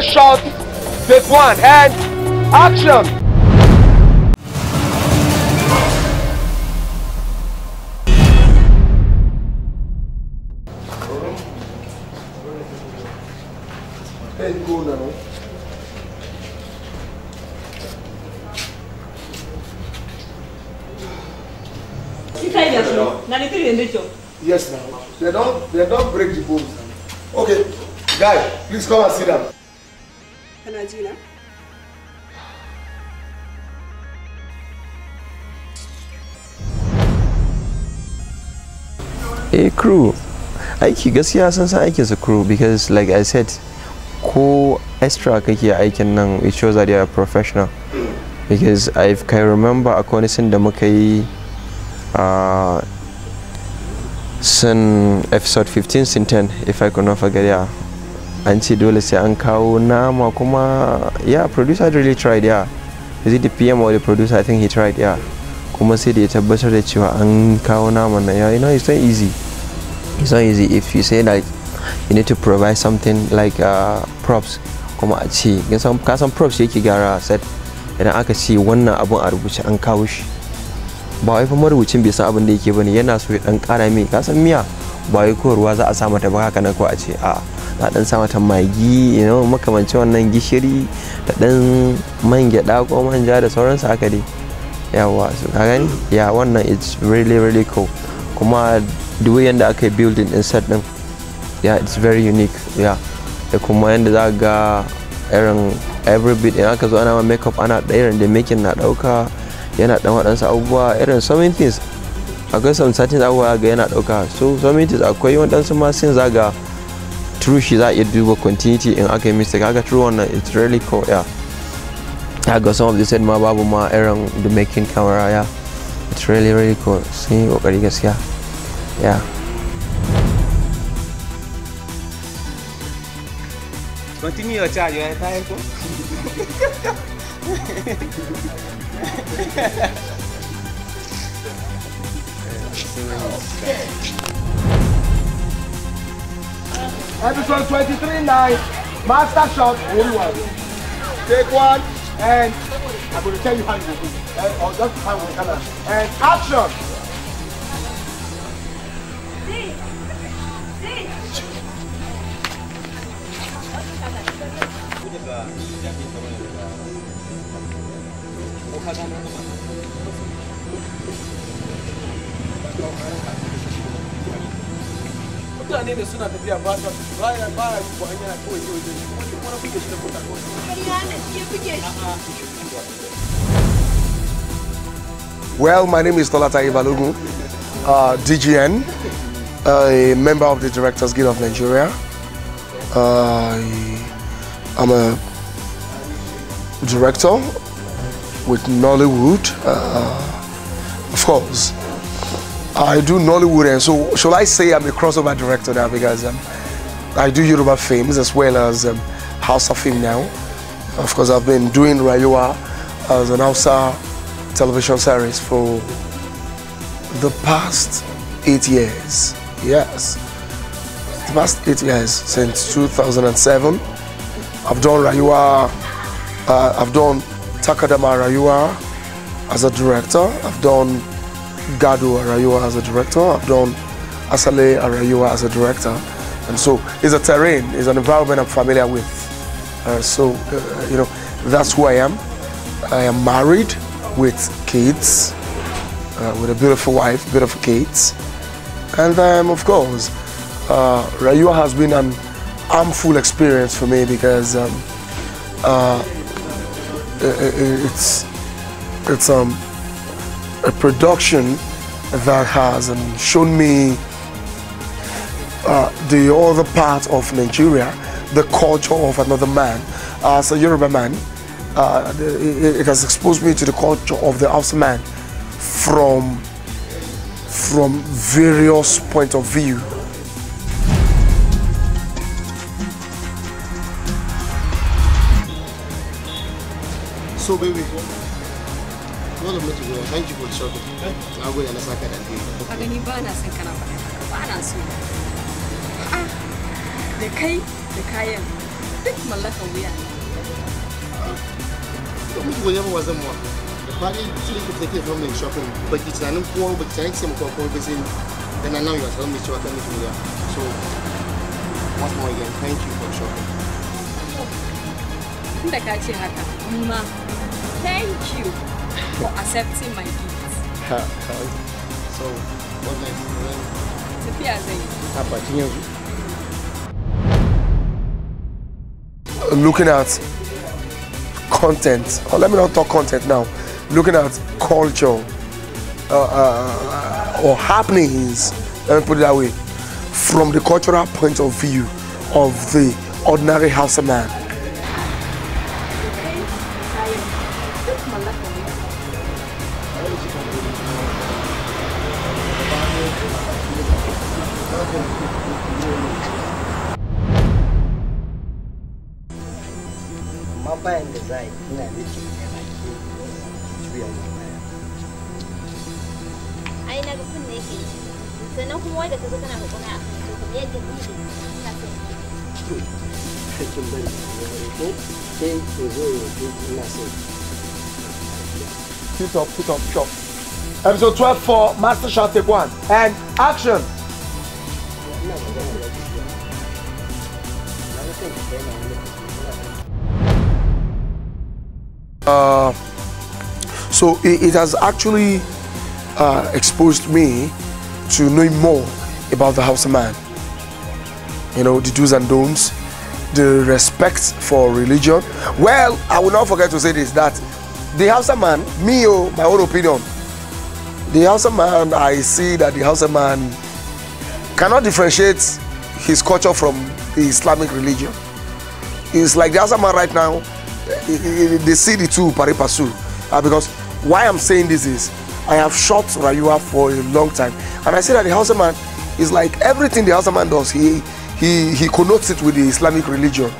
Another shot. Take one. And action. Let's go now. Inside the floor. Now the three Yes, now. They don't. They don't break the bones. Okay, guy, please come and sit down. ji na a crew aiki gaskiya sun san aikin su crew because like i said ko extra kake aikin nan it shows that you are professional because i can remember a kwanisin da muka yi uh, sun episode 15 sin 10 if i could not forget yeah an ce dole sai an kawo nama kuma yeah producer really tried yeah is it the pm or the producer i think he tried yeah kuma sai da ya tabbatar da cewa an kawo naman na yeah you know it's not easy it's not easy if you say like you need to provide something like uh, props kuma a ce ka san props yake gyara set idan aka ce wannan abun a rubuce an kawo shi ba wai fa marubucin bai san abin da yake bane yana so ya dan kara mai ka san miya bayi ko ruwa za a sa mata baka kana na ko a ce a na dan sa mata magi you know makamanci wannan gishiri da dan man gyada ko manja da sauransu haka dai yawa su ka gani ya wannan it's really really cool kuma the way yanda aka yi building din set din yeah it's very unique yeah da kuma yanda za ga irin every bit in aka zo ana ma makeup ana da irin da making na dauka yana dan wadansa abubuwa irin so many things akwai some certain abubuwa ga yana dauka so some it is akwai wadansu ma sin zaga true shi za a iya duba continuity in aka yi mistake haka true wannan it's really cool yeah ga some of the said ma babu ma irin the making camera yeah it's really really cool sun yi kokari gaskiya yeah Continue your charge, Episode 23 night, master shot, only one. Take one, and I'm going to tell you how you do it. Uh, or oh, just how we can. Uh, and action! Well, my name is Tolata Ivalugu, uh, DGN, a member of the Directors Guild of Nigeria. Uh, I'm a director with Nollywood, uh, of course. I do Nollywood, and so shall I say I'm a crossover director now because um, I do Yoruba films as well as um, Hausa Fame now. Of course, I've been doing Rayua as an Hausa television series for the past eight years. Yes, the past eight years since 2007. I've done Rayua. Uh, I've done Takadama Rayua as a director. I've done Gado Arayoa as a director, I've done Asale Arayoa as a director. And so it's a terrain, it's an environment I'm familiar with. Uh, so, uh, you know, that's who I am. I am married with kids, uh, with a beautiful wife, beautiful kids. And um, of course, uh, Rayua has been an harmful experience for me because um, uh, uh, uh, it's, it's um, a production that has shown me uh, the other part of Nigeria, the culture of another man. As a Yoruba man, uh, it, it, has exposed me to the culture of the house man from, from various point of view. So baby, thank you for shopping na gode na saka da alheri na son kana faɗa ba ah, na so da kai Thank you duk mallakan wuya ba mutu godiya ba from mai shopping ba ki tunanin kowa ba ki tunanin ki sai mutuwa kowa ba then I know you are telling me to attend to you. So once more again, thank you for shopping. Thank you for accepting my gifts. so, what next? Tafiya zai yi. Looking at content, oh, let me not talk content now, looking at culture uh, uh, uh, or happenings, let me put it that way, from the cultural point of view of the ordinary house man. put up, put up, chop. Episode 12 for Master Shot Take 1. And action! Uh, so it, it, has actually uh, exposed me to knowing more about the of man. You know, the do's and don'ts, the respect for religion. Well, I will not forget to say this, that the Hausa man, me, oh, my own opinion. The Hausa man, I see that the Hausa man cannot differentiate his culture from the Islamic religion. It's like the Hausa man right now, eh, eh, eh, they see the two pari passu. Uh, because why I'm saying this is, I have shot Rayua for a long time. And I see that the Hausa man is like everything the Hausa man does, he, he, he connotes it with the Islamic religion.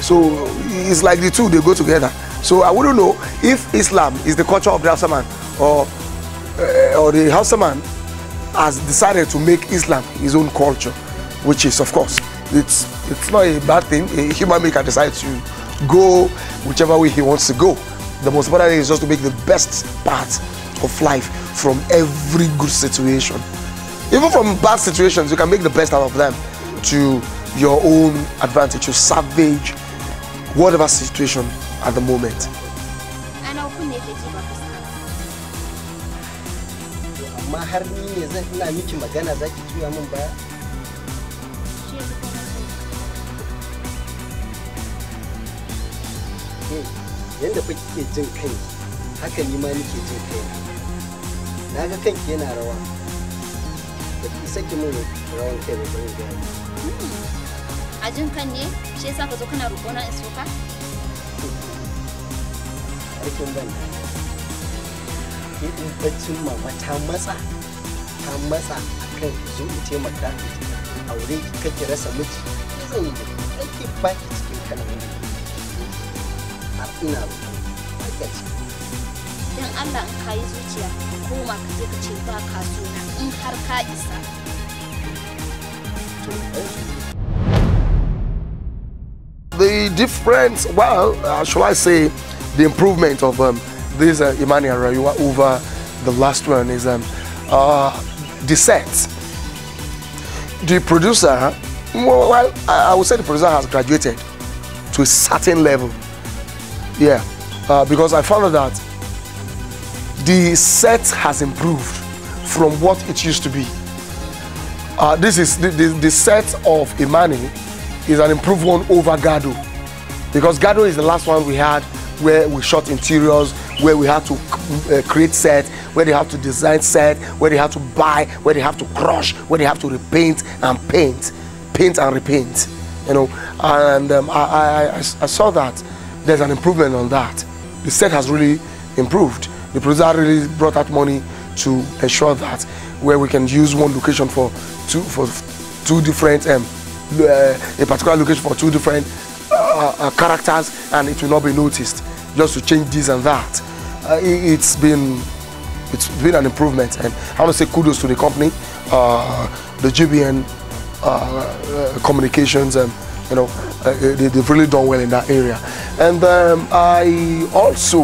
So it's like the two, they go together. So I wouldn't know if Islam is the culture of the Hausa man or, uh, or the Hausa man has decided to make Islam his own culture, which is, of course, it's, it's not a bad thing. A human being can decide to go whichever way he wants to go. The most important thing is just to make the best part of life from every good situation. Even from bad situations, you can make the best out of them to your own advantage, to savage whatever situation at the moment. amma har ni ne zan ina miki magana za ki juya min baya? yadda eh, fa kike jin kai haka ni ma nike jin kai na ga kanki yana rawa da ki saki min rawan kai ba bari gani hmm. a jin kan ne shi yasa ka zo kana roƙona in soka sarkin banda ke in baccin mama ta matsa ta matsa a kan zo in taimaka aure kake rasa miji zan yi ba baki cikin wani A ina baki cikin don Allah ka yi zuciya koma ka je ka ce ba ka so na in har ka isa The difference, well, uh, shall I say, the improvement of um, this uh, Imani Arayua over the last one is um, uh, the set. The producer, well, I, I would say the producer has graduated to a certain level. Yeah, uh, because I found out that the set has improved from what it used to be. Uh, this is the, the, the, set of Imani is an improved one over Gado because Gado is the last one we had where we shot interiors, where we had to uh, create sets, where they have to design sets, where they have to buy, where they have to crush, where they have to repaint and paint, paint and repaint, you know. And um, I, I, I, I saw that there's an improvement on that. The set has really improved. The producer really brought out money to ensure that where we can use one location for two, for two different um, uh, a particular location for two different uh, uh, characters and it will not be noticed just to change this and that. Uh, it, has been it's been an improvement and I want to say kudos to the company, uh, the GBN uh, uh, communications and you know uh, they, have really done well in that area. And um, I also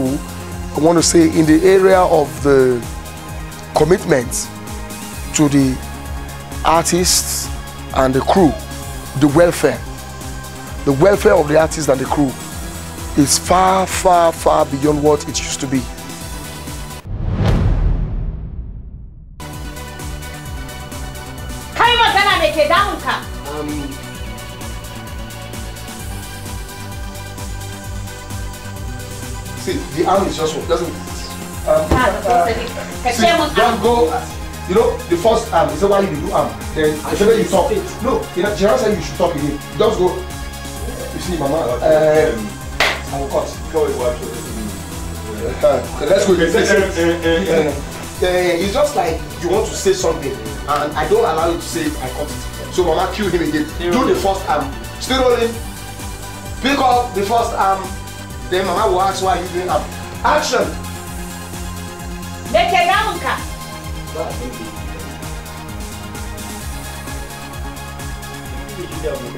want to say in the area of the commitment to the artists and the crew, the welfare the welfare of the artist and the crew is far, far, far beyond what it used to be. Um, see, the arm is just one, doesn't it? Um, ah, uh, see, don't go. Uh, you know, the first arm is why you do arm. Then the second you talk. No, in a general you should talk again. Just go see, i uh, cut. Go let's go. it's just like you want to say something, and I don't allow you to say it. I cut it. So Mama, kill him again. Do the first arm. Still rolling. Pick up the first arm. Then Mama will ask why you doing arm. Action. Make a you.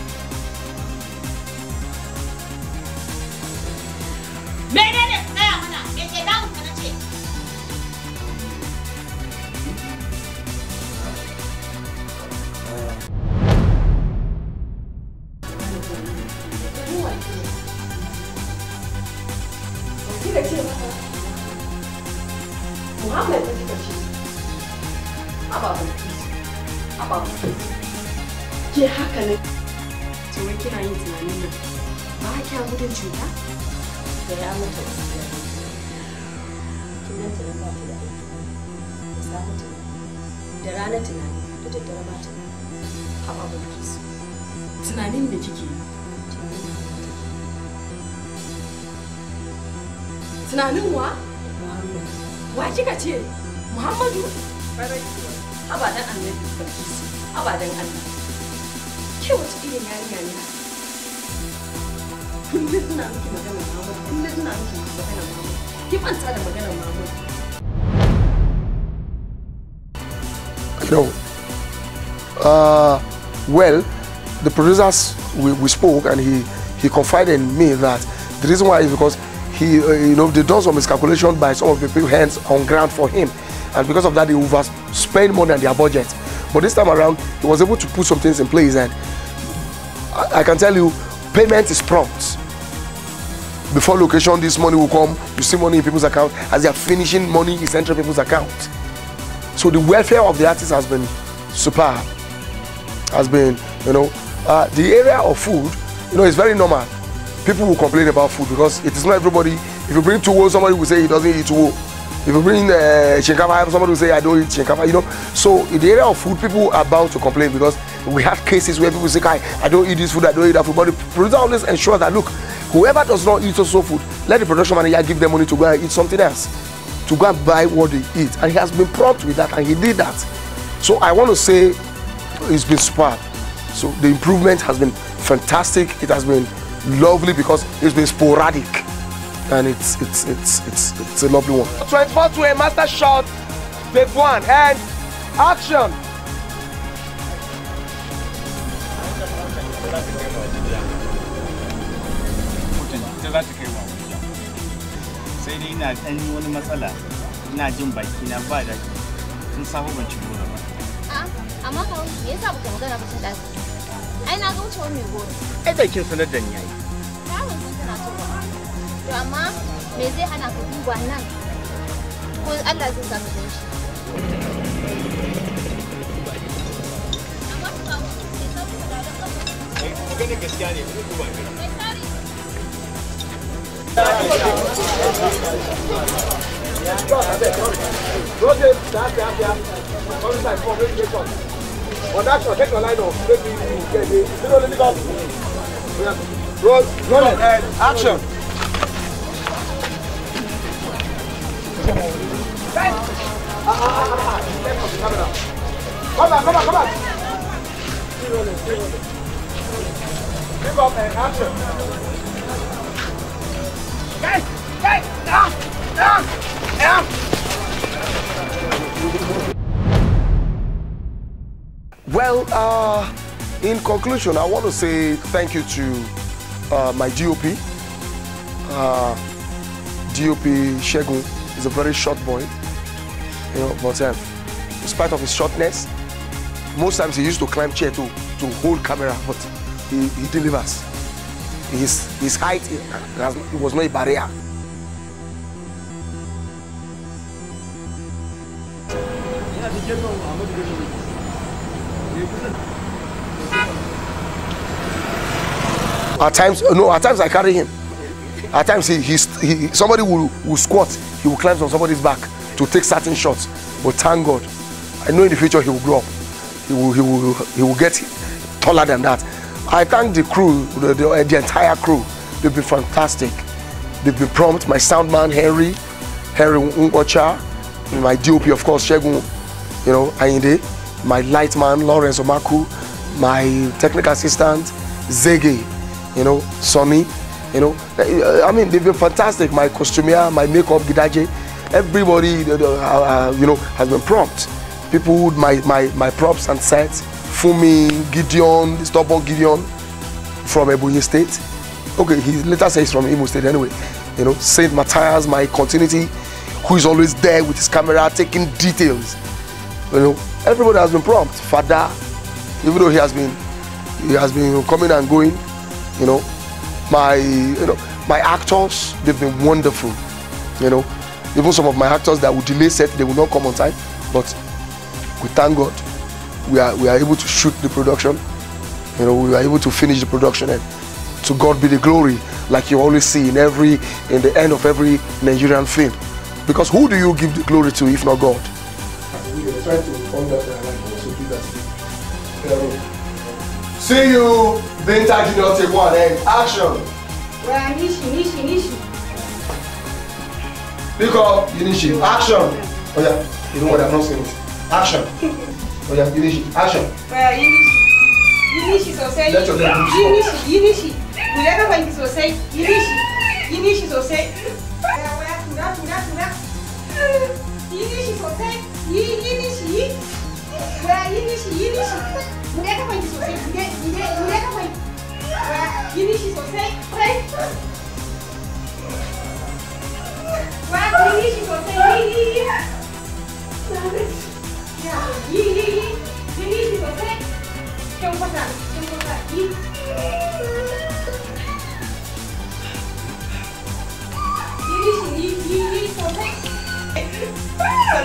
Menene tsaya mana, me ke damu da rana tunani da daddare ba tunani a babu su tunanin me kike tunanin wa muhammad wa kika ce muhammadu abadan annabi balkisu abadan allah ke wace irin yarinya ne kullum ina miki magana muhammad kullum ina miki magana muhammad ki fanta da maganar muhammad No. Uh, well, the producers, we, we spoke and he, he confided in me that the reason why is because he, uh, you know, they done some miscalculation by some of the people hands on ground for him. And because of that, they overspend more than their budget. But this time around, he was able to put some things in place. And I, I can tell you, payment is prompt. Before location, this money will come. You see money in people's account. As they are finishing, money is entering people's account. So the welfare of the artist has been super, has been, you know, uh, the area of food, you know, is very normal. People will complain about food because it is not everybody. If you bring two somebody will say he doesn't eat two If you bring uh, somebody will say I don't eat shinkafa, you know. So in the area of food, people are bound to complain because we have cases where people say, I don't eat this food, I don't eat that food. But the producer always ensures that, look, whoever does not eat so food, let the production manager give them money to go and eat something else to go and buy what he eats, And he has been prompt with that, and he did that. So I want to say it's been superb. So the improvement has been fantastic. It has been lovely because it's been sporadic. And it's it's it's it's it's a lovely one. Transfer to a master shot, big one, and action. Wani na ɗan wani matsala ina jin baki na ba da sun sa ban ci goro ba amma ka me yasa baka magana ba tun ɗazu ai na ga wucewar mai goro ai da sanar da ni ai Ka ban san tana so ba to amma me zai hana ka duba nan ko Allah zai sa ka shi amma ba wani sai ka da gaskiya ne ko ba Action. Come on, come on, come on. Give up and action. Well, uh, in conclusion, I want to say thank you to uh, my DOP. Uh, DOP Shegun is a very short boy, you know, but um, in spite of his shortness, most times he used to climb chair to, to hold camera, but he, he delivers his, his height it was not a barrier. At times, no, at times I carry him. At times, he, he, he, somebody will, will squat, he will climb on somebody's back to take certain shots. But thank God, I know in the future he will grow up. He will, he will, he will get taller than that. I thank the crew, the, the, uh, the entire crew. They've been fantastic. They've been prompt. My sound man, Henry, Henry Ngocha, my DOP, of course, Shegun, you know, Ayinde, my light man, Lawrence Omaku, my technical assistant, Zege, you know, Sonny, you know. Uh, uh, I mean, they've been fantastic. My costumier, my makeup, Gidaje, everybody, uh, uh, you know, has been prompt. People, my, my, my props and sets, Fumi Gideon, Stubborn Gideon from Ebony State. Okay, he later says he's from Imo State anyway. You know, St. Matthias, my continuity, who is always there with his camera taking details. You know, everybody has been prompt. Father, even though he has been he has been coming and going, you know, my you know, my actors, they've been wonderful. You know, even some of my actors that would delay set, they will not come on time. But we thank God we are, we are able to shoot the production. You know, we are able to finish the production and to God be the glory, like you always see in every, in the end of every Nigerian film. Because who do you give the glory to if not God? We are trying to inform that also do that. Um, see you, Vintage Junior One, and action! Well, Nishi, Nishi, Nishi. Pick up, Nishi, action! Oh yeah, you know what, I'm not saying Action! Olha, Irishi, action. Ah, Olha, Irishi. Irishi sosai. Irishi, Irishi. Mulher da banki sosai. Irishi. Irishi sosai. Olha, tura, tura, tura. Irishi sosai. Irishi. Olha, Irishi, Irishi. Mulher da banki sosai. Mulher, mulher, mulher da banki.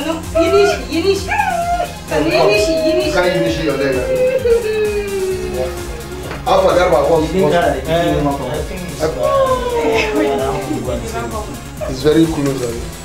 Bakalım iniş iniş. Sen iniş iniş. It's very close.